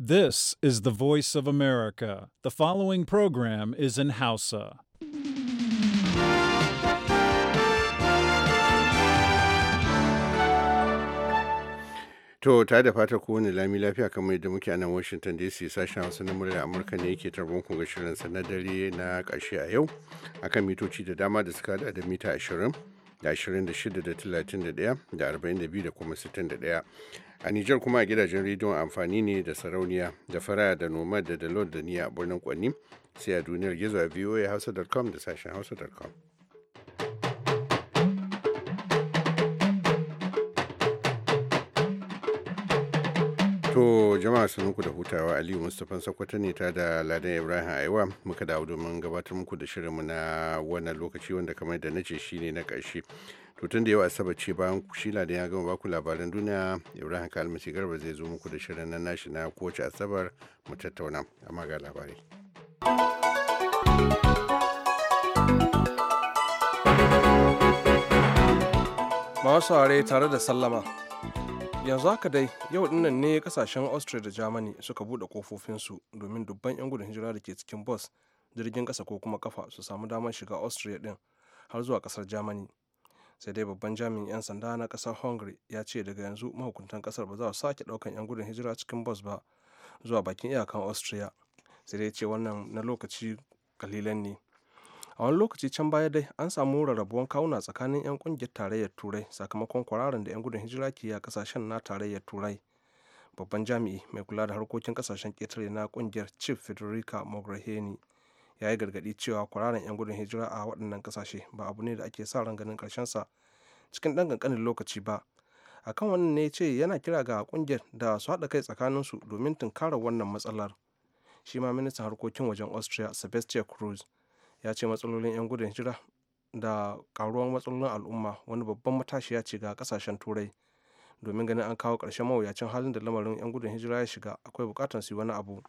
This is the voice of America. The following program is in Hausa. To ta da fata kowane lami lafiya kamar yadda muke a Washington DC sashen Hausa na murya Amurka ne yake tarbon ku ga shirin na dare na ƙarshe a yau akan mitoci da dama da suka da mita 20 da 26 da 31 da 42 da kuma a Nijar kuma a gidajen rediyon amfani ne da sarauniya da fara da noma da dalot da niya a birnin kwanni sai a duniyar gizo a hausa.com da sashen hausa.com To jama'a sanunku da hutawa Aliyu Mustapha Sokoto ne ta da Ladan Ibrahim Aiwa muka dawo domin gabatar muku da shirinmu na wannan lokaci wanda kamar da nace ne na ƙarshe. To tun da yau Asabar ce bayan shi Ladan ya gama baku labaran duniya Ibrahim Kalmasi Garba zai zo muku da shirin na nashi na kowace Asabar mu tattauna amma ga labarai. masu tare da sallama yanzu haka dai yau dinnan ne kasashen austria da germany suka buɗe kofofinsu domin dubban 'yan gudun hijira da ke cikin bus jirgin kasa ko kuma kafa su samu damar shiga austria din har zuwa kasar germany sai dai babban jami'in 'yan sanda na kasar hungary ya ce daga yanzu mahukuntan kasar ba za su sake ɗaukan 'yan gudun hijira cikin bus ba zuwa bakin iyakan austria sai dai ce wannan na lokaci kalilan ne a wani lokaci can baya dai an samu rarrabuwan kawuna tsakanin 'yan kungiyar tarayyar turai sakamakon kwararan da 'yan gudun hijira ke a kasashen na tarayyar turai babban jami'i mai kula da harkokin kasashen ketare na kungiyar chief federica mogherini ya yi gargadi cewa kwararan 'yan gudun hijira a waɗannan kasashe ba abu ne da ake sa ran ganin sa cikin ɗan ƙanƙanin lokaci ba a kan wannan ne ce yana kira ga kungiyar da su haɗa kai tsakaninsu domin tunkarar wannan matsalar shi ma ministan harkokin wajen austria sebastian cruz ya ce matsalolin 'yan gudun hijira da karuwar matsalolin al'umma wani babban matashi ya ce ga kasashen turai domin ganin an kawo ƙarshen mawuyacin halin da lamarin 'yan gudun hijira ya shiga akwai bukatar su wani abu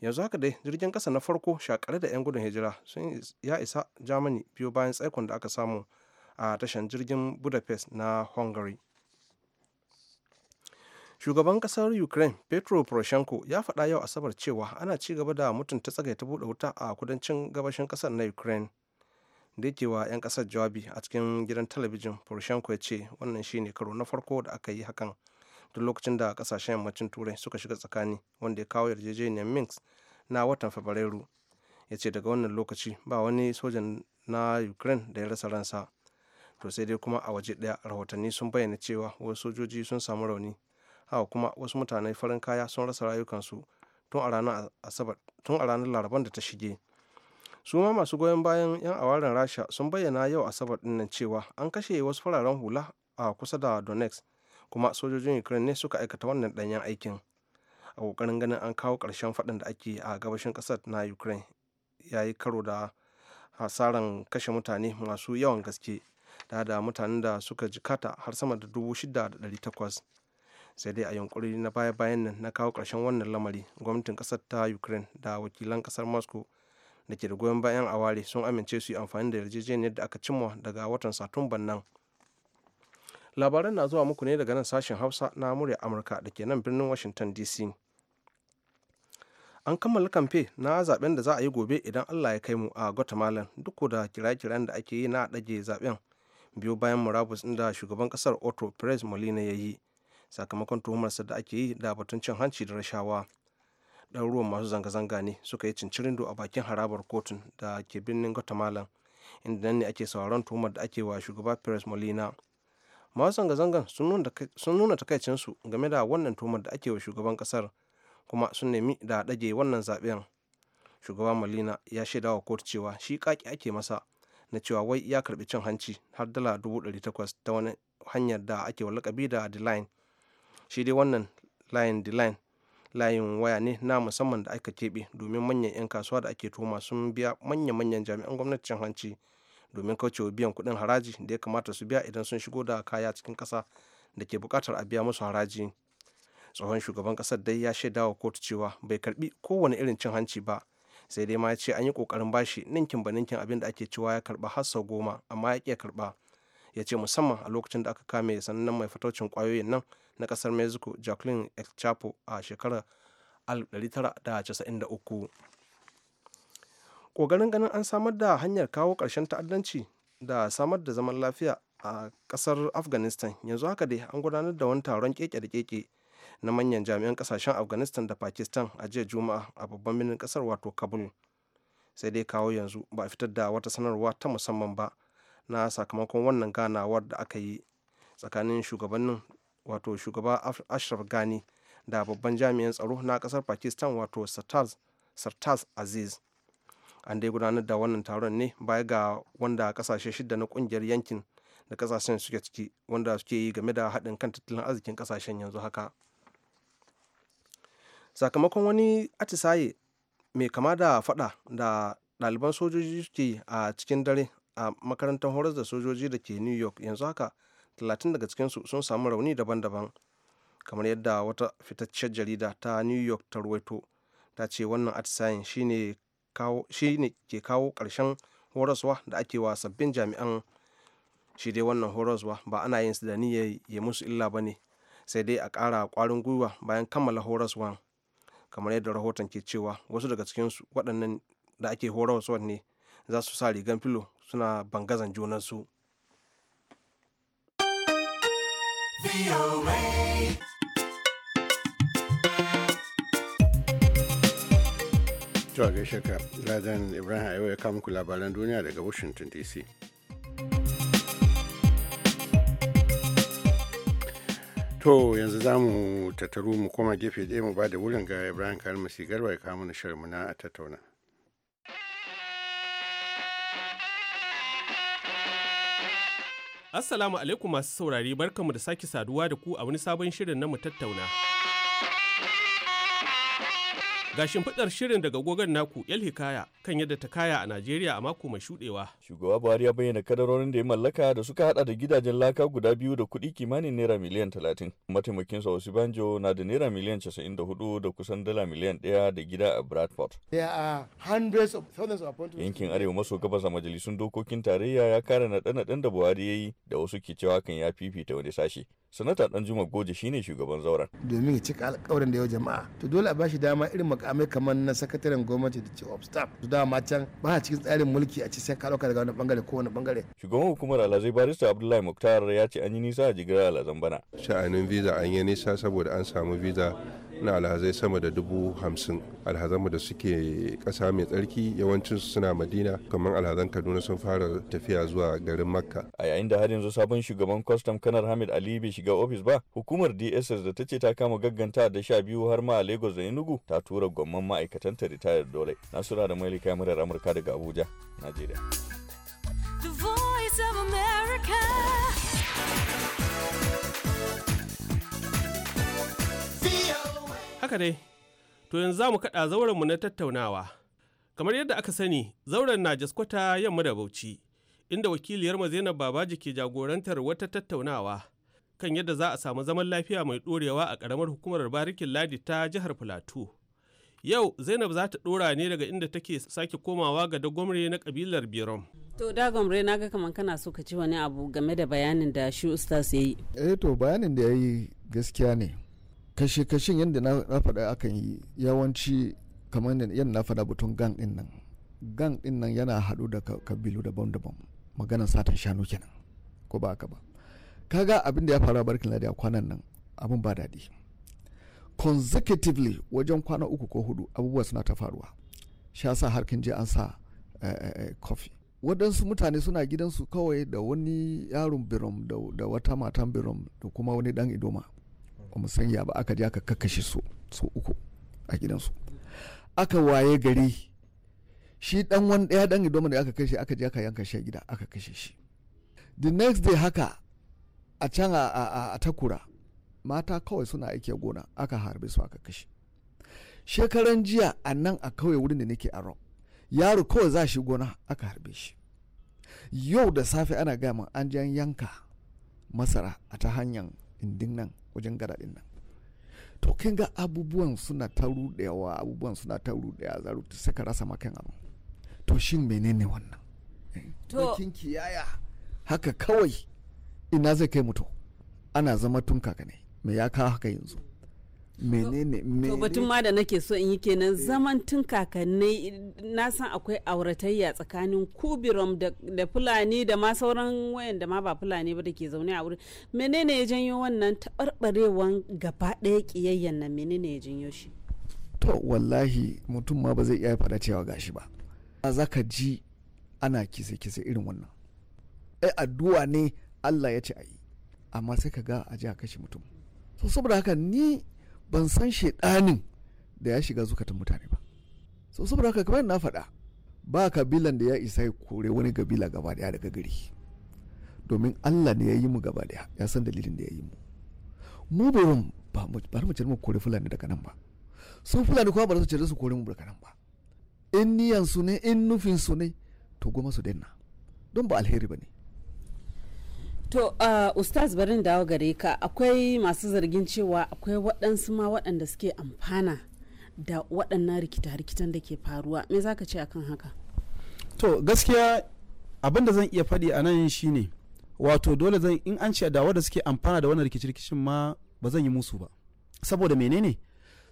yanzu haka dai jirgin ƙasa na farko shakare da 'yan gudun hijira sun ya isa germany biyo bayan tsaikon da aka samu a tashar jirgin budapest na hungary shugaban kasar ukraine petro poroshenko ya faɗa yau asabar cewa ana ci gaba da mutunta ta buɗe wuta a kudancin gabashin kasar na ukraine da yake wa 'yan kasar jawabi a cikin gidan talabijin poroshenko ya ce wannan shine karo na farko da aka yi hakan duk lokacin da kasashen yammacin turai suka shiga tsakani wanda ya kawo yarjejeniyar minsk na watan fabrairu ya ce daga wannan lokaci ba wani sojan na ukraine da ya rasa ransa to sai dai kuma a waje daya rahotanni sun bayyana cewa wasu sojoji sun samu rauni haka kuma wasu mutane farin kaya sun rasa rayukansu tun a ranar laraban da ta shige su ma masu goyon bayan 'yan awarin rasha sun bayyana yau asabar dinnan cewa an kashe wasu fararen hula a kusa da donetsk kuma sojojin ukraine ne suka aikata wannan danyen aikin a kokarin ganin an kawo karshen fadin da ake a gabashin kasar na ukraine ya yi karo da hasaran kashe mutane masu yawan gaske da da mutanen da suka jikata har sama da 6,800 sai dai a yunkuri na baya bayan nan na kawo ƙarshen wannan lamari gwamnatin ƙasar ta ukraine da wakilan ƙasar moscow da ke da goyon bayan aware sun amince su yi amfani da yarjejeniyar da aka cimma daga watan satumban nan labaran na zuwa muku ne daga nan sashen hausa na murya amurka da ke nan birnin washington dc an kammala kamfe na zaben da za a yi gobe idan allah ya kai mu a guatemala duk da kiraye-kirayen da ake yi na ɗage zaben biyu bayan murabus inda shugaban kasar otto perez molina ya yi sakamakon tuhumarsa da ake yi da batun cin hanci da rashawa ɗaruruwan masu zanga-zanga ne suka yi cincirindo a bakin harabar kotun da ke birnin guatemala inda nan ne ake sauraron tuhumar da ake wa shugaba perez molina masu zanga-zangan sun nuna takaicinsu game da wannan tuhumar da ake wa shugaban kasar kuma sun nemi da ɗage wannan zaɓen shugaba molina ya shaida wa kotu cewa shi kaki ake masa na cewa wai ya karɓi cin hanci har dala dubu ɗari takwas ta wani hanyar da ake wa lakabi da the shi dai wannan layin the line layin waya ne na musamman da aka keɓe domin manyan 'yan kasuwa da ake toma sun biya manya-manyan jami'an gwamnatin hanci domin kaucewa biyan kuɗin haraji da ya kamata su biya idan sun shigo da kaya cikin ƙasa da ke buƙatar a biya musu haraji tsohon shugaban ƙasar dai ya shaida wa kotu cewa bai karbi kowane irin cin hanci ba sai dai ma ya ce an yi ƙoƙarin bashi ninkin ba ninkin abin da ake cewa ya karba har sau goma amma ya ƙi karba ya ce musamman a lokacin da aka kame sannan mai fataucin ƙwayoyin nan na kasar mexico jacqueline el chapo a shekarar 1993 ƙoƙarin ganin an samar da hanyar kawo ƙarshen ta'addanci da samar da zaman lafiya a ƙasar afghanistan yanzu haka dai an gudanar da wani taron keke da keke na manyan jami'an kasashen afghanistan da pakistan a jiya juma'a a babban birnin kasar wato kabul sai dai kawo yanzu ba a fitar da wata sanarwa ta musamman ba na sakamakon wannan ganawar da aka yi tsakanin shugabannin wato shugaba ashraf gani da babban jami'in tsaro na kasar pakistan wato sartaz aziz an dai gudanar da wannan taron ne baya ga wanda kasashe shida na kungiyar yankin da kasashen suke ciki wanda suke yi game da haɗin kan tattalin arzikin kasashen yanzu haka sakamakon wani atisaye mai kama da fada da ɗaliban sojoji suke a cikin dare a makarantar horar da sojoji da ke new york yanzu haka talatin daga cikinsu sun samu rauni daban-daban kamar yadda wata fitacciyar jarida ta new york ta ruwaito ta ce wannan atisayen ne ke kawo ƙarshen horaswa da ake wa sabbin jami'an shi dai wannan horaswa ba ana yin su da ni ya musu illa ba ne sai dai a kara ƙwarin gwiwa bayan kammala horaswa kamar yadda rahoton ke cewa wasu daga cikinsu waɗannan da ake horaswa ne za su sa rigan filo suna bangazan junansu a gaishe ka, Ladan Ibrahim Aiwa ya kama ku labaran duniya daga Washington DC. To yanzu za mu tattaru mu koma gefe ɗaya mu ba da wurin ga Ibrahim Kalmasi Garba ya kama na shirin na a tattauna. Assalamu alaikum masu saurari barkanmu da sake saduwa da ku a wani sabon shirin na mu tattauna. Ga shimfiɗar shirin daga gogon naku 'yar Hikaya kan yadda ta kaya a Najeriya a mako mai shuɗewa Shugaba Buhari ya bayyana kadarorin da ya mallaka da suka hada da gidajen laka guda biyu da kuɗi kimanin naira miliyan talatin. Mataimakinsa banjo na da naira miliyan casa'in da hudu da kusan dala miliyan ɗaya da gida a Bradford. Yankin Arewa maso gabas a majalisun dokokin tarayya ya kare naɗe-naɗen da Buhari ya yi da wasu ke cewa kan ya fifita wani sashe. sanata dan juma goje shine shugaban zauren domin ya cika alkawarin da yau jama'a to dole a ba dama irin makamai kamar na sakataren gwamnati da chief of staff su dama can ba a cikin tsarin mulki a ci sai ka dauka daga wani bangare ko wani bangare. Shugaban hukumar alhazai barista Abdullahi Muktar ya ce an yi nisa a jigilar alhazan bana. Sha'anin visa an yi nisa saboda an samu visa na alhazai sama da dubu hamsin alhazanmu da suke kasa mai tsarki yawancin suna madina kamar alhazan kaduna sun fara tafiya zuwa garin makka a yayin da har yanzu sabon shugaban kwastam kanar hamid ali bai shiga ofis ba hukumar dss da ta ce ta kama gagganta da sha biyu har ma a lagos da enugu ta tura gwamman ta ritayar dole nasura da mailika murar amurka daga abuja najeriya The voice of America. Haka dai, to yanzu za mu kaɗa zauren mu na tattaunawa. Kamar yadda aka sani, zauren na jaskwata yamma da bauchi, inda wakiliyar Zainab Babaji ke jagorantar wata tattaunawa kan yadda za a samu zaman lafiya mai ɗorewa a ƙaramar hukumar barikin ladi ta jihar Filato. Yau Zainab za ta ɗora ne daga inda take sake komawa ga dagwamre na ƙabilar Birom. to da gomre na ga kamar kana so ka ci wani abu game da bayanin da shi ustaz ya yi eh to bayanin da ya yi gaskiya ne kashe-kashen yadda na faɗa akan yi yawanci kamar yadda na faɗa batun gan ɗin nan gan ɗin nan yana haɗu da kabilu daban-daban maganar satan shanu kenan ko ba haka ba kaga abin da ya faru a barkin ladi a kwanan nan abin ba daɗi consecutively wajen kwana uku ko hudu abubuwa suna ta faruwa sha sa harkin je an sa eh, eh, eh, coffee. waɗansu mutane suna gidansu kawai da wani yaron birom da wata matan birom da kuma wani ɗan idoma ba mu sanya ba aka je aka kakkashe su su uku a gidansu aka waye gari shi ɗan wani ɗaya ɗan idoma da aka kashe aka je aka yanka shi gida aka kashe shi the next day haka a can a takura mata kawai suna aiki gona aka harbe su aka kashe shekaran jiya a nan a kawai wurin da nake a yaro kawai za shi gona aka harbe shi yau da safe ana gama an jan yanka masara a ta hanyar indin nan wajen gadaɗin nan to kin ga abubuwan suna ta rudewa abubuwan suna ta rudewa za ta saka rasa makan abu to shin menene wannan eh, to kin kiyaya haka kawai ina zai kai mutu ana zama tun kaka ne me ya kawo haka yanzu menene me to batun ma da nake so in yi kenan zaman tun kakanni na san akwai auratayya tsakanin kubirom da fulani da ma sauran wayan da ma ba fulani ba da ke zaune a wurin menene ya janyo wannan taɓarɓarewan gaba ɗaya ƙiyayyen nan menene ya janyo shi to wallahi mutum ma ba zai iya faɗa cewa gashi ba za ka ji ana kise-kise irin wannan ai addu'a ne allah ya ce a yi amma sai ka ga a ji a kashe mutum so saboda haka ni ban san shaidanin da ya shiga zukatan mutane ba so saboda haka kamar na faɗa ba kabilan da ya isa ya kore wani kabila gaba daya daga gari domin Allah ne ya yi mu gaba daya ya san dalilin da ya yi mu mu bai ba mu cire mu kore fulani daga nan ba su fulani kuma ba su cire su kore mu daga nan ba in niyan su ne in nufin su ne to goma su daina don ba alheri ba ne To uh, Ustaz barin dawo gare ka akwai masu zargin cewa akwai waɗansu ma waɗanda suke amfana da waɗannan rikita-rikitan da ke faruwa me za ka ce akan haka to gaskiya abin da zan iya faɗi a nan ne wato dole zan in an ce da suke amfana da wannan rikici-rikicin ma ba zan yi musu ba saboda menene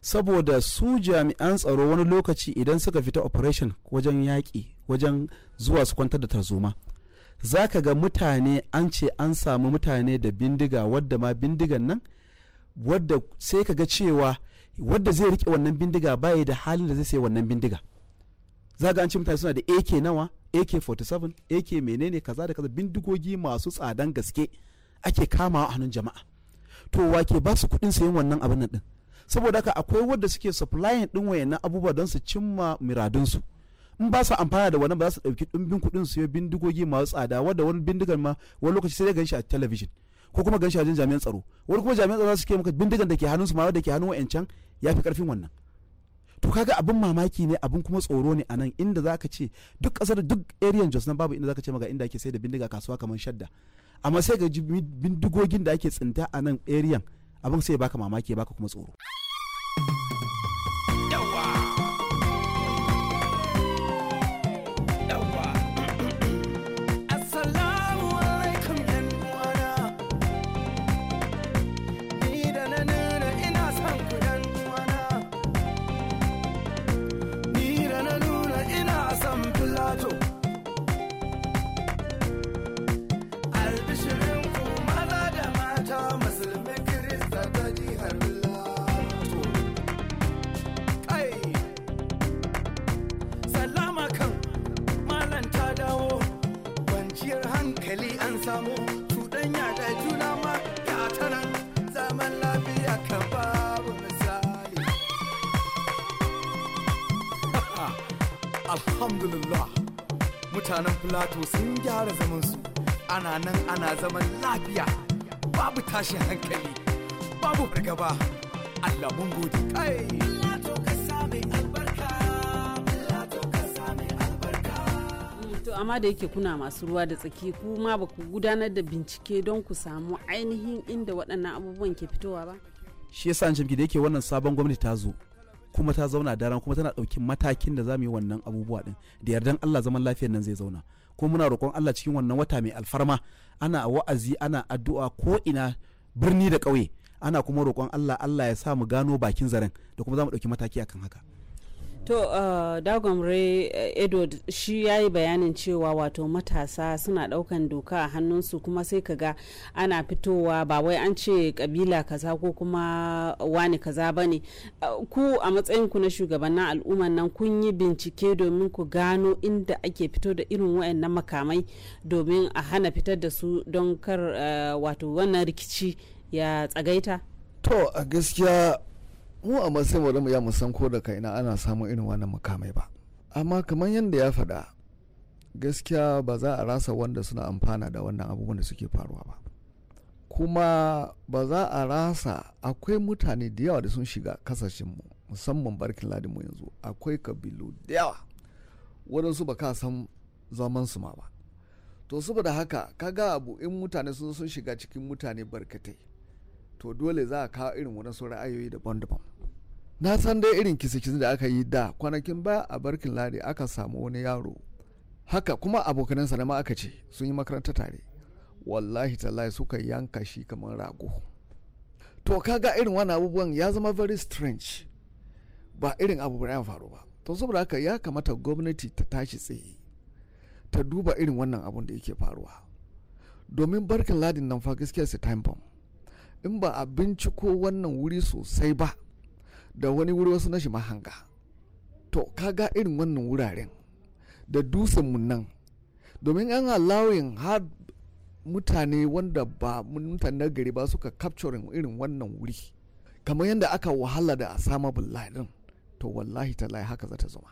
saboda su jami'an tsaro wani lokaci idan suka fita operation wajen yaƙi wajen zuwa su kwantar da tarzoma za ka ga mutane an ce an samu mutane da bindiga wadda ma bindigan nan wadda sai ka ga cewa wadda zai rike wannan bindiga baya da halin da zai sai wannan bindiga za ga an ce mutane suna da ak nawa ak-47 ak menene kaza da kaza bindigogi masu tsadan gaske ake kamawa a hannun jama'a to wa ke ba su kuɗin sayan wannan abin nan din saboda haka akwai wadda suke supplying din wayannan abubuwa don su cimma miradunsu in ba su amfana da wannan ba za su ɗauki ɗumbin kuɗin su bindigogi masu tsada wadda wani bindigan ma wani lokaci sai ya gan shi a talabijin ko kuma gan shi a jami'an tsaro wani kuma jami'an tsaro suke maka bindigan da ke hannun su ma da ke hannun wa'ancan ya fi karfin wannan to kaga abin mamaki ne abin kuma tsoro ne anan inda za ka ce duk kasar duk area Jos nan babu inda za ka ce maga inda ake sai da bindiga kasuwa kamar shadda amma sai ga bindigogin da ake tsinta a nan area abin sai baka mamaki baka kuma tsoro alhamdulillah mutanen filato sun gyara zaman su ana nan ana zaman lafiya babu tashin hankali babu fargaba allah mun gode kai amma da yake kuna masu ruwa da tsaki kuma ba ku gudanar da bincike don ku samu ainihin inda waɗannan abubuwan ke fitowa ba shi yasa an da yake wannan sabon gwamnati ta zo kuma ta zauna daren kuma tana ɗauki matakin da za mu yi wannan abubuwa ɗin da yardan Allah zaman lafiyar nan zai zauna kuma muna roƙon Allah cikin wannan wata mai alfarma ana wa'azi ana addu'a ko ina birni da ƙauye ana kuma roƙon Allah Allah ya sa mu gano bakin zaren da kuma za mu ɗauki mataki akan haka to uh, dagomre eh, edward shi ya yi bayanin cewa wato matasa suna daukan doka a hannunsu kuma sai ka ga ana fitowa ba wai an ce kabila kaza ko kuma wani kaza ba ne eh, ku a matsayinku na shugabannin al'umman nan kun yi bincike domin ku gano inda ake fito da irin wayannan makamai domin a hana fitar da su don kar uh, wato wannan rikici ya tsagaita to a gaskiya mu a sai mu ya mu san ko da ina ana samun irin wannan mukamai ba amma kamar yadda ya faɗa gaskiya ba za a rasa wanda suna amfana da wannan abubuwan da suke faruwa ba kuma ba za a rasa akwai mutane da yawa da sun shiga kasashenmu musamman barkin ladinmu yanzu akwai kabilu da yawa waɗansu ba ka san zaman su ma ba to saboda haka ka ga abu in mutane sun sun shiga cikin mutane barkatai to dole za a kawo irin waɗansu ra'ayoyi daban-daban na san dai irin kisi-kisi da aka yi da kwanakin ba a barkin ladi aka samu wani yaro haka kuma abokanansa na ma aka ce sun yi makaranta tare wallahi ta tallahi suka yanka shi kamar rago to kaga irin wani abubuwan ya zama very strange ba irin abu ya faru ba to saboda haka ya kamata gwamnati ta tashi tsaye ta duba irin wannan abun da yake faruwa domin barkin ladin nan fa gaskiya su time bomb in ba a binciko wannan wuri sosai ba da wani wuri wasu na shi mahanga to ga irin wannan wuraren da dusanmu nan domin an allowing har mutane wanda ba mutane na gari ba suka capturing irin wannan wuri kamar yadda aka wahala da asama bulladin to wallahi talai haka za ta zama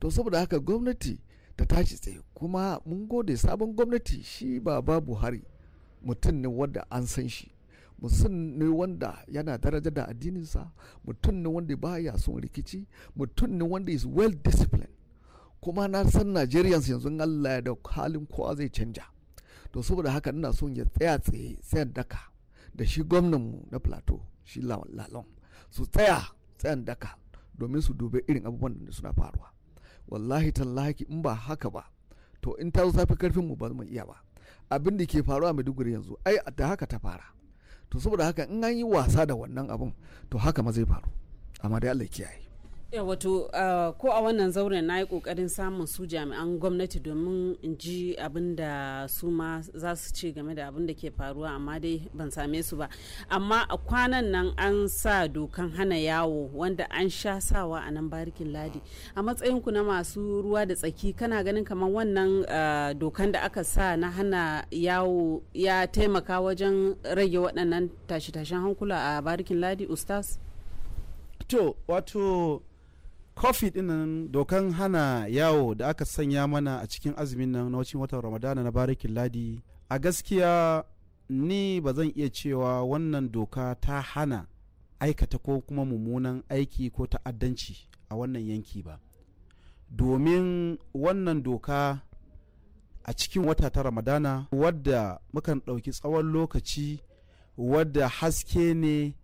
to saboda haka gwamnati ta tashi tsaye kuma mun gode sabon gwamnati shi ba baba buhari mutum ne wadda an san shi mutum ne wanda yana daraja da addininsa mutum ne wanda baya son rikici mutum ne wanda is well disciplined kuma na san Nigerians yanzu Allah da halin kowa zai canja to saboda haka ina son ya tsaya tsaye tsayan daka da shi gwamnanmu na plateau shi lalon su tsaya tsayan daka domin su dube irin abubuwan da suna faruwa wallahi tallahi in ba haka ba to in ta zo safi karfin mu ba mu iya ba abin da ke faruwa maiduguri yanzu ai da haka ta fara to saboda haka in an yi wasa da wannan abun to haka ma zai faru amma dai Allah kiyaye wato ah, ko a wannan zauren na yi kokarin samun su jami'an gwamnati domin in ji abin da su ma za su ce game da abin da ke faruwa amma dai ban same su ba amma a kwanan nan an sa dokan hana yawo wanda an sha sawa a nan barikin ladi a matsayin ku na masu ruwa da tsaki kana ganin kamar wannan ah, dokan da aka sa na hana yawo ya taimaka wajen rage waɗannan tashe-tashen hankula a barikin ladi ustaz to wato kofi dinnan dokan hana yawo da aka sanya mana a cikin azumin nan na wacin watan ramadana na barikin ladi a gaskiya ni ba zan iya cewa wannan doka ta hana aikata ko kuma mummunan aiki ko ta'addanci a wannan yanki ba domin wannan doka a cikin wata ta ramadana wadda mukan ɗauki tsawon lokaci wadda haske ne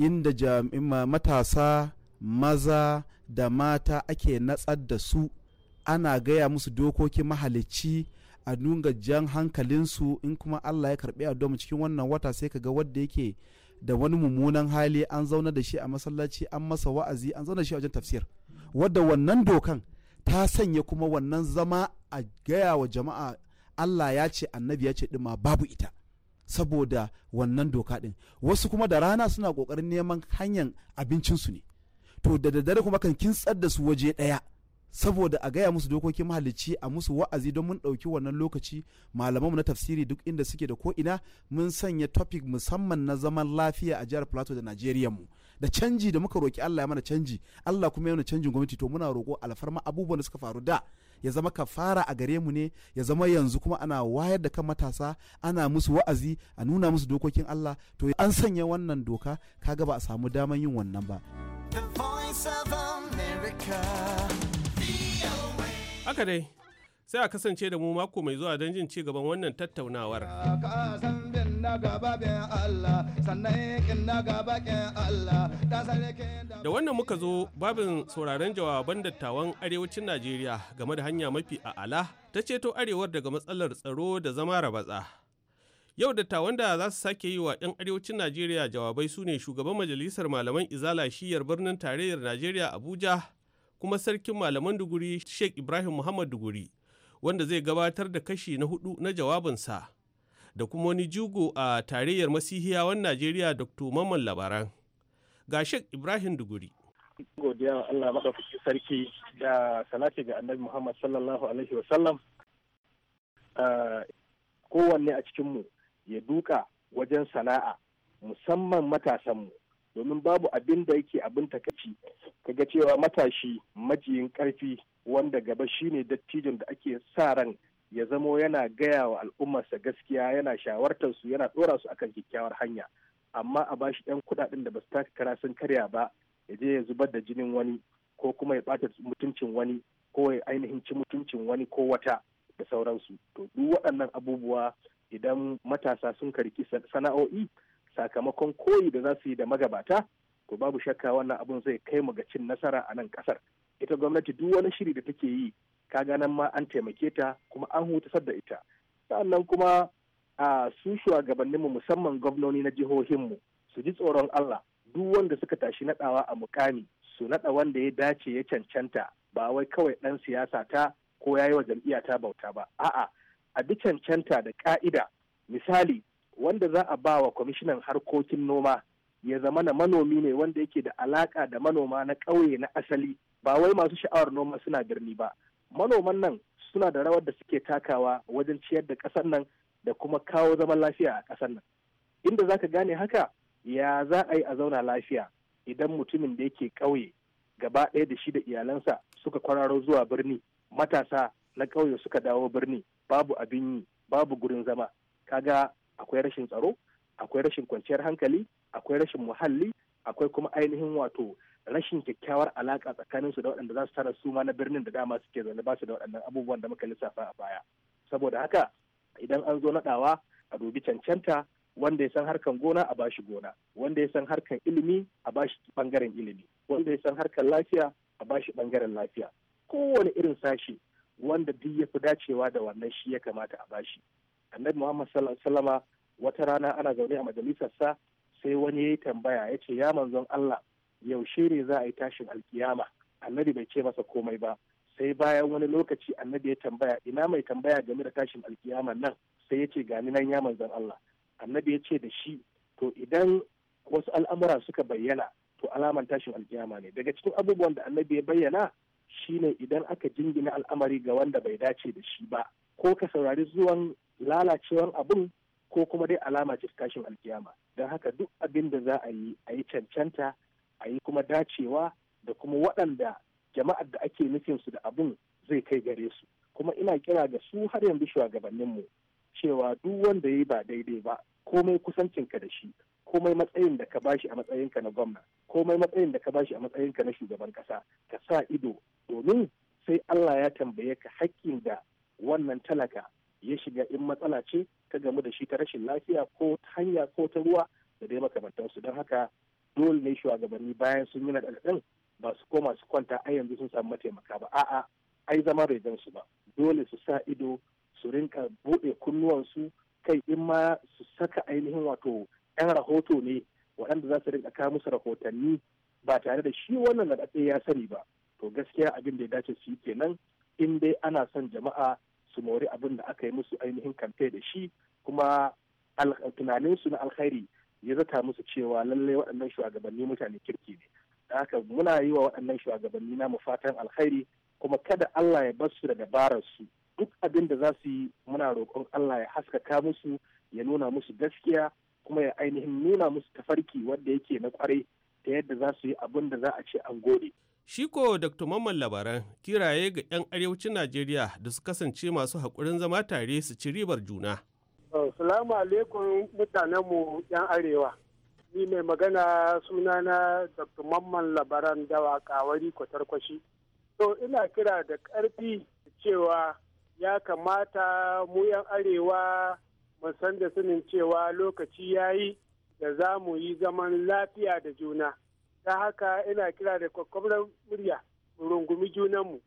inda matasa maza da mata ake natsar da su ana gaya musu dokokin mahalicci a nunga jan hankalinsu in kuma allah ya karbi domin cikin wannan wata sai kaga wadda yake da wani mummunan hali an zauna da shi a masallaci an masa wa'azi an zauna da shi a wajen tafsir wadda wannan dokan ta sanya kuma wannan zama a gaya wa jama'a allah ya ce annabi ya ce dima babu ita saboda wannan doka din wasu kuma da rana suna kokarin neman hanyar abincinsu ne to da daddare kuma kan kintsar da su waje ɗaya saboda a gaya musu dokokin mahalicci a musu wa'azi don mun ɗauki wannan lokaci malamanmu na tafsiri duk inda suke da ko ina mun sanya topic musamman na zaman lafiya a jihar plateau da najeriya mu da canji da muka roki allah ya mana canji allah kuma ya mana canjin gwamnati to muna roko alfarma abubuwan da suka faru da ya zama ka fara a gare mu ne ya zama yanzu kuma ana wayar da kan matasa ana musu wa'azi a nuna musu dokokin Allah to an sanya wannan doka kaga ba a samu daman yin wannan ba haka dai sai a kasance da mu mako mai zuwa don jin ci gaban wannan tattaunawar da wannan muka zo babin sauraron jawaban dattawan arewacin Najeriya game da hanya mafi a'ala ta ceto arewar daga matsalar tsaro da zama rabatsa. Yau dattawan da za su sake yi wa 'yan arewacin Najeriya jawabai su ne shugaban majalisar malaman izala shiyar birnin tarayyar Najeriya Abuja kuma sarkin malaman duguri Sheikh Ibrahim Muhammad duguri wanda zai gabatar da kashi na hudu na jawabinsa. da kuma wani jugo a tarayyar masihiyawan Najeriya Dr. Mamman Labaran. Ga Sheikh Ibrahim Duguri. Godiya Allah maɗaukaki sarki da salati ga Annabi Muhammad sallallahu alaihi wasallam. Kowanne a cikinmu ya duka wajen sana'a musamman matasanmu domin babu abin da yake abin takaici kaga cewa matashi majiyin ƙarfi wanda gaba shine dattijin da ake sa ran ya zamo yana gaya wa al'ummarsa gaskiya yana shawartar su yana ɗora su akan kyakkyawar hanya amma a bashi yan kuɗaɗen da ba su taka kara sun karya ba ya je ya zubar da jinin wani ko kuma ya bata mutuncin wani ko ya ainihin ci mutuncin wani ko wata da sauransu to duk waɗannan abubuwa idan matasa sun karki sana'o'i sakamakon koyi da za su yi da magabata to babu shakka wannan abun zai kai mu ga cin nasara a nan kasar ita gwamnati duk wani shiri da take yi kaga nan ma an taimake ta kuma an hutasar da ita sa'annan kuma a su shugabanninmu musamman gwamnoni na jihohinmu su ji tsoron Allah duk wanda suka tashi naɗawa a mukami su naɗa wanda ya dace ya cancanta ba wai kawai ɗan siyasa ta ko ya yi wa jam'iyya ta bauta ba a'a a bi cancanta da ka'ida misali wanda za a ba wa kwamishinan harkokin noma ya zama na manomi ne wanda yake da alaka da manoma na ƙauye na asali ba wai masu sha'awar noma suna birni ba manoman nan suna da rawar da suke takawa wajen ciyar da ƙasar nan da kuma kawo zaman lafiya a ƙasar nan inda za ka gane haka ya za a yi a zauna lafiya idan mutumin da yake ƙauye gaba ɗaya da shi da iyalansa suka kwararo zuwa birni matasa na ƙauye suka dawo birni babu abin yi babu gurin zama kaga akwai rashin tsaro akwai rashin kwanciyar hankali akwai rashin muhalli akwai kuma ainihin wato rashin kyakkyawar alaka tsakanin su da waɗanda za su tara su ma na birnin da dama suke zaune ba su da waɗannan abubuwan da muka lissafa a baya saboda haka idan an zo naɗawa a dubi cancanta wanda ya san harkan gona a bashi gona wanda ya san harkan ilimi a bashi bangaren ilimi wanda ya san harkan lafiya a bashi bangaren lafiya kowane irin sashi wanda duk ya fi dacewa da wannan shi ya kamata a bashi annabi muhammad sallallahu wata rana ana zaune a majalisar sa. sai wani ya yi tambaya ya ce ya manzon Allah yaushe ne za a yi tashin alkiyama annabi bai ce masa komai ba sai bayan wani lokaci annabi ya tambaya ina mai tambaya game da tashin alkiyama nan sai ya ce gani nan ya manzon Allah annabi ya ce da shi to idan wasu al'amura suka bayyana to alaman tashin alkiyama ne daga cikin abubuwan da annabi ya bayyana shine idan aka jingina al'amari ga wanda bai dace da shi ba ko ka saurari zuwan lalacewar abun ko kuma dai alama ce tashin alkiyama don haka duk abin da za a yi a yi cancanta a yi kuma dacewa da kuma waɗanda jama'ar da ake nufin su da abun zai kai gare su kuma ina kira ga su har yanzu shugabanninmu cewa duk wanda ya yi ba daidai ba komai kusancinka da shi komai matsayin da ka bashi a matsayinka na gwamna komai matsayin da ka bashi a ka na shugaban kasa ka sa ido domin sai Allah ya tambaye ka hakkin da wannan talaka ya shiga in matsala ce ta gamu da shi ta rashin lafiya ko ta hanya ko ta ruwa da dai makamantansu don haka dole ne shugabanni bayan sun yi naɗaɗin ba su koma su kwanta a yanzu sun samu mataimaka ba a'a ai zama bai gan su ba dole su sa ido su rinka buɗe kunnuwansu kai in ma su saka ainihin wato 'yan rahoto ne waɗanda za su rinka kawo musu rahotanni ba tare da shi wannan naɗaɗe ya sani ba to gaskiya abin da ya dace su yi kenan in dai ana son jama'a su mori abin da aka yi musu ainihin kamfe da shi kuma tunaninsu na alkhairi ya zata musu cewa lallai waɗannan shugabanni mutane kirki ne da haka muna yi wa waɗannan shugabanni namu fatan alkhairi kuma kada Allah ya bar su da dabarar su duk abin da za su yi muna roƙon Allah ya haskaka musu ya nuna musu gaskiya kuma ya ainihin nuna musu tafarki wanda yake na kwarai ta yadda za su yi abin da za a ce an gode Shi ko Dr. Mamman labaran kiraye ga 'yan arewacin Najeriya da su kasance masu haƙurin zama tare su ci ribar juna. Oh, salamu alaikum mu 'yan arewa. Ni mai magana suna na Dr. Mamman labaran dawa kawari kwatarkwashi. To ina kira da ƙarfi cewa ya kamata mu 'yan arewa musan da sanin cewa lokaci ya yi da za mu yi zaman lafiya da juna. ta haka ina kira da kwakwamnar murya mu rungumi junanmu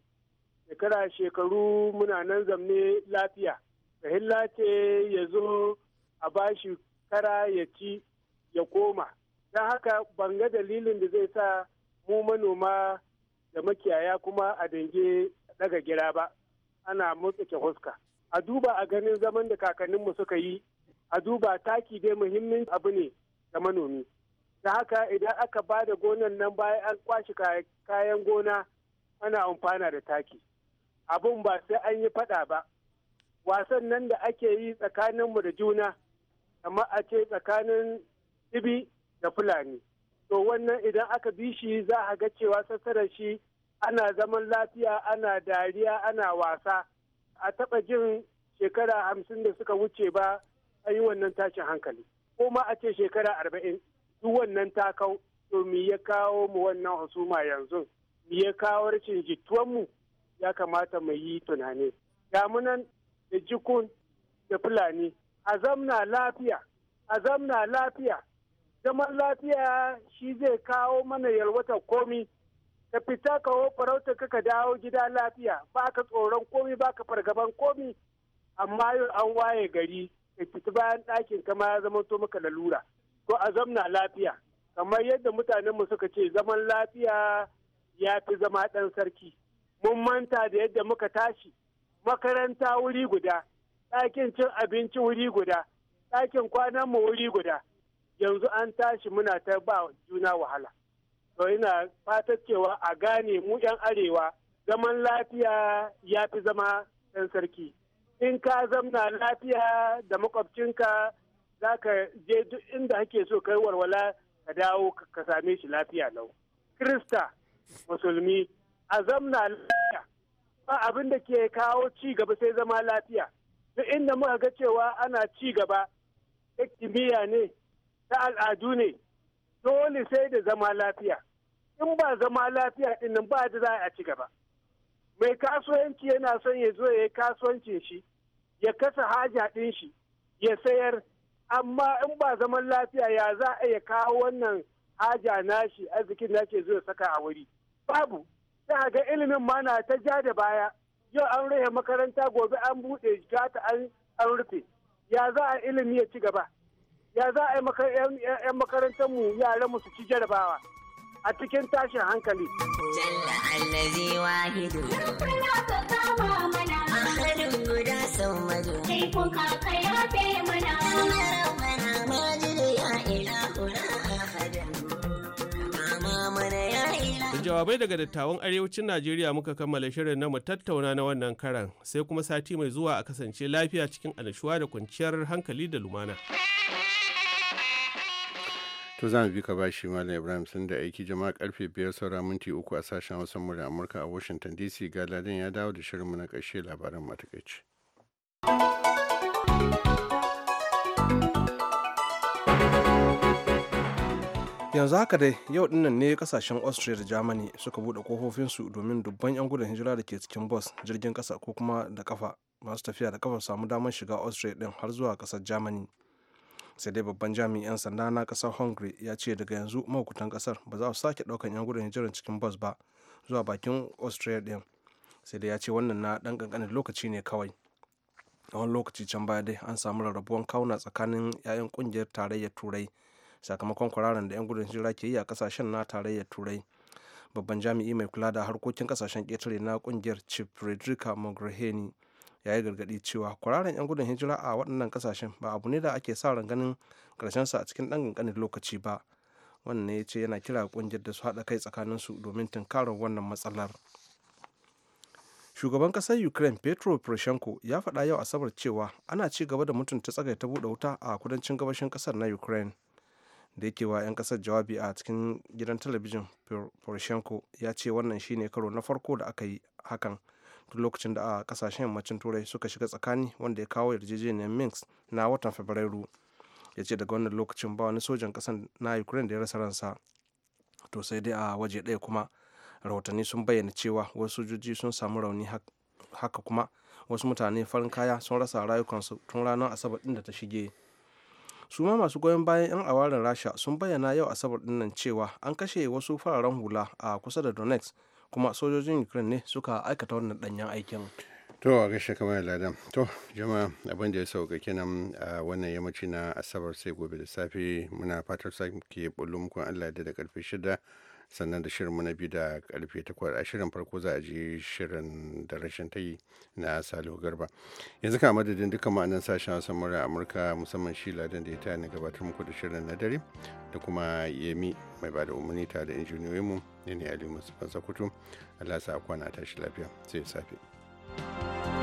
shekara shekaru muna nan zamne lafiya rahilla ce ya zo a bashi kara ya ci ya koma ta haka ban ga dalilin da zai sa mu manoma da makiyaya kuma a dange daga gira ba ana motsa huska a duba a ganin zaman da kakanninmu suka yi a duba taki dai muhimmin abu ne ga manomi da haka idan aka ba da gonan nan bayan an kwashe kayan gona ana amfana da taki abun ba sai an yi fada ba wasan nan da ake yi tsakaninmu da juna amma a ce tsakanin ibi da fulani to wannan idan aka bi shi za a ga cewa sassarar shi ana zaman lafiya ana dariya ana wasa a taɓa jin shekara hamsin da suka wuce ba a yi wannan tashin hankali ko ma a ce shekara arba'in duk wannan ta kau to mi ya kawo mu wannan husuma yanzu mi ya kawo rashin jituwan mu ya kamata mu yi tunani damunan da jikun da fulani a zamna lafiya a zamna lafiya zaman lafiya shi zai kawo mana yalwatar komi ka fita ka farauta ka dawo gida lafiya ba ka tsoron komi ba ka fargaban komi amma yau an waye gari ka fita bayan ɗakin kama ya zama to maka lalura ko a zamna lafiya kamar yadda mutanenmu suka ce zaman lafiya ya fi zama ɗan sarki mun manta da yadda muka tashi makaranta wuri guda ɗakin cin abinci wuri guda ɗakin kwananmu wuri guda yanzu an tashi muna ta ba juna wahala to ina fatar cewa a gane mu 'yan arewa zaman lafiya ya fi zama ɗan sarki in ka zamna lafiya da makwabcinka za ka je duk inda ake so kai warwala ka dawo ka same shi lafiya lau krista musulmi a zamna lafiya ba abin da ke kawo ci gaba sai zama lafiya duk inda muka ga cewa ana ci gaba ta kimiyya ne ta al'adu ne dole sai da zama lafiya in ba zama lafiya dinnan ba da za a ci gaba mai kasuwanci yana son ya zo ya yi kasuwancin shi ya kasa haja ɗin shi ya sayar amma in ba zaman lafiya ya za a iya kawo wannan haja nashi arzikin nashi zuwa saka a wuri babu sai a ga ilimin ma na ta ja da baya yau an rufe makaranta gobe an buɗe gata an rufe ya za a ilimi ya ci gaba ya za a yan makarantar mu yaran mu su ci jarabawa a cikin tashin hankali jalla zai wahidu jawabai daga dattawan arewacin Najeriya muka kammala shirin na mu tattauna na wannan karan sai kuma sati mai zuwa a kasance lafiya cikin annashuwa da kwanciyar hankali da lumana. To za mu bi ka bashi Malam Ibrahim sun da aiki jama'a karfe biyar saura minti uku a sashen wasan murya Amurka a Washington DC ga ladan ya dawo da shirin mu na ƙarshe labaran matakaici. yanzu haka dai yau dinnan ne kasashen austria da germany suka bude kofofinsu domin dubban yan gudun hijira da ke cikin bus jirgin kasa ko kuma da kafa masu tafiya da kafa samu damar shiga austria din har zuwa kasar germany sai dai babban jami'in sanda na kasar hungary ya ce daga yanzu mahukutan kasar ba za su sake daukan yan gudun hijira cikin bus ba zuwa bakin austria din sai dai ya ce wannan na dan kankanin lokaci ne kawai a wani lokaci can baya dai an samu rarrabuwan kawuna tsakanin 'ya'yan kungiyar tarayyar turai sakamakon kwararan da 'yan gudun hijira ke yi a kasashen na tarayyar turai babban jami'i mai kula da harkokin kasashen ketare na kungiyar chief frederica mogherini ya yi gargadi cewa kwararan 'yan gudun hijira a waɗannan kasashen ba abu ne da ake sa ran ganin sa a cikin ɗan ƙanƙanin lokaci ba wannan ya ce yana kira kungiyar da su haɗa kai tsakanin su domin tunkarar wannan matsalar shugaban ƙasar ukraine petro poroshenko ya faɗa yau asabar cewa ana ci gaba da mutunta tsagaita buɗe wuta a kudancin gabashin ƙasar na ukraine da yake wa 'yan kasar jawabi a cikin gidan talabijin poroshenko ya ce wannan shine karo na farko da aka yi hakan tun lokacin da a kasashen yammacin turai suka shiga tsakani wanda ya kawo yarjejeniyar minsk na watan fabrairu ya ce daga wannan lokacin ba wani sojan kasan na ukraine da ya rasa ransa to sai dai a waje ɗaya kuma rahotanni sun bayyana cewa wasu sojoji sun samu rauni haka kuma wasu mutane farin kaya sun rasa rayukansu tun ranar asabar ɗin da ta shige su ma masu goyon bayan 'yan awarin rasha sun bayyana yau asabar dinnan cewa an kashe wasu fararen hula a kusa da donetsk kuma sojojin ukraine ne suka aikata wannan danyen aikin to a gaishe kamar yalada to jama'a abin da ya sauka kenan a wannan yammaci na asabar sai gobe da safe muna fatar sake bullo muku allah da karfe shida sannan da shirinmu na bi da karfe takwas a shirin farko za a je shirin da rashin ta yi na salihu garba yanzu kan madadin dukkan ma'anan sashen wasan murar amurka musamman shi ladan da ya taya ni gabatar muku da shirin na dare da kuma yemi mai ba da umarni tare da injiniyoyinmu ne ne alimu musamman sakutu allah sa kwana tashi lafiya sai safe. thank